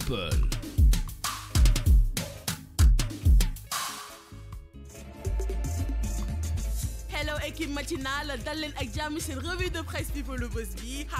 People. équipe matinale D'Alen leen c'est une revue de presse people le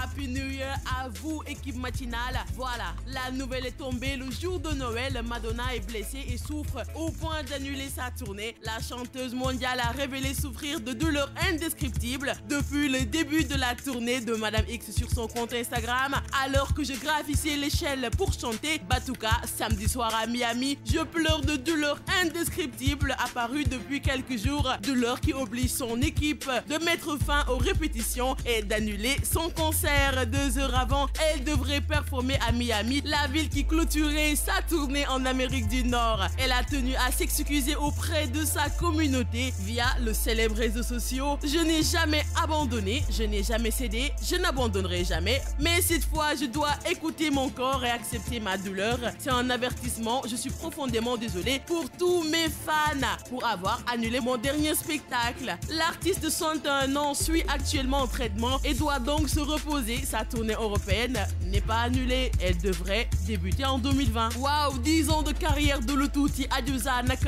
happy new year à vous équipe matinale voilà la nouvelle est tombée le jour de Noël Madonna est blessée et souffre au point d'annuler sa tournée la chanteuse mondiale a révélé souffrir de douleurs indescriptibles depuis le début de la tournée de Madame X sur son compte Instagram alors que je gravissais l'échelle pour chanter Batuka samedi soir à Miami je pleure de douleurs indescriptibles apparues depuis quelques jours douleurs qui obligent son équipe de mettre fin aux répétitions et d'annuler son concert. Deux heures avant, elle devrait performer à Miami, la ville qui clôturait sa tournée en Amérique du Nord. Elle a tenu à s'excuser auprès de sa communauté via le célèbre réseau social Je n'ai jamais abandonné, je n'ai jamais cédé, je n'abandonnerai jamais. Mais cette fois, je dois écouter mon corps et accepter ma douleur. C'est un avertissement, je suis profondément désolé pour tous mes fans pour avoir annulé mon dernier spectacle. L'artiste l'artiste de 61 ans suit actuellement en traitement et doit donc se reposer. Sa tournée européenne n'est pas annulée. Elle devrait débuter en 2020. waaw 10 ans de carrière de lu tuuti Adiouza nag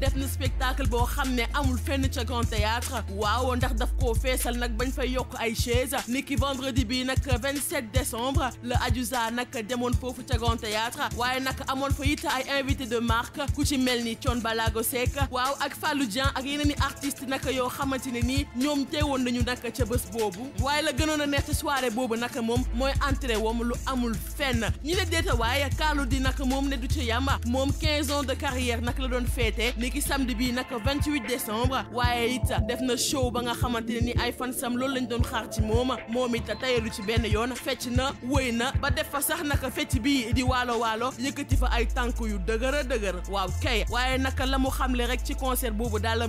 def na spectacle pour xamné amul fenn ci Grand Théâtre waaw ndax daf ko fessel nak bañ fay yok ay chaise niki vendredi bi nak 27 décembre le Adjusa nak demoon fofu ci Grand Théâtre Waye nak amone fa it ay invité de marque ku ci melni ni Wow, Balago Seck waaw ak Fallou ak yeneen artistes nag yoo ne nii ñoom teewoon nañu naka ca bés boobu waaye la gënoon a neex ci soirée boobu naka moom mooy entrée wom lu amul fenn ñi ne déeta waaye kaalu di naka moom ne du ci yàmba moom 15 ans de carrière naka la doon féete ni ki samedi bi naka 28 décembre waaye it def na show ba nga xamante ne ni ay fansam loolu lañ doon xaar ci mooma moom it tayalu ci benn yoon fecc na wëy na ba def fa sax naka fecc bi di waalo waalo yëkkati fa ay tànk yu dëgër a dëgër waaw kay waaye naka la mu xamle rek ci concert boobu daal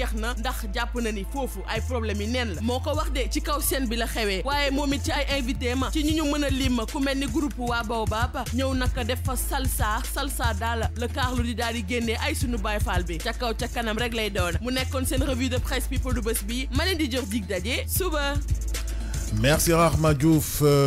jeex na ndax jàpp na ni foofu ay problème yi neen la moo ko wax de ci kaw scène bi la xewee waaye moom it ci ay invité ma ci ñi ñu mën a lim ku mel ni groupe waa Baobab ñëw naka def fa salsa salsa daala le Carlou di daal di génnee ay sunu Baay Faal bi ca kaw ca kanam rek lay doon mu nekkoon seen revue de presse people du bés bi ma leen di jox dig daje suba. merci Rahma Diouf. Euh,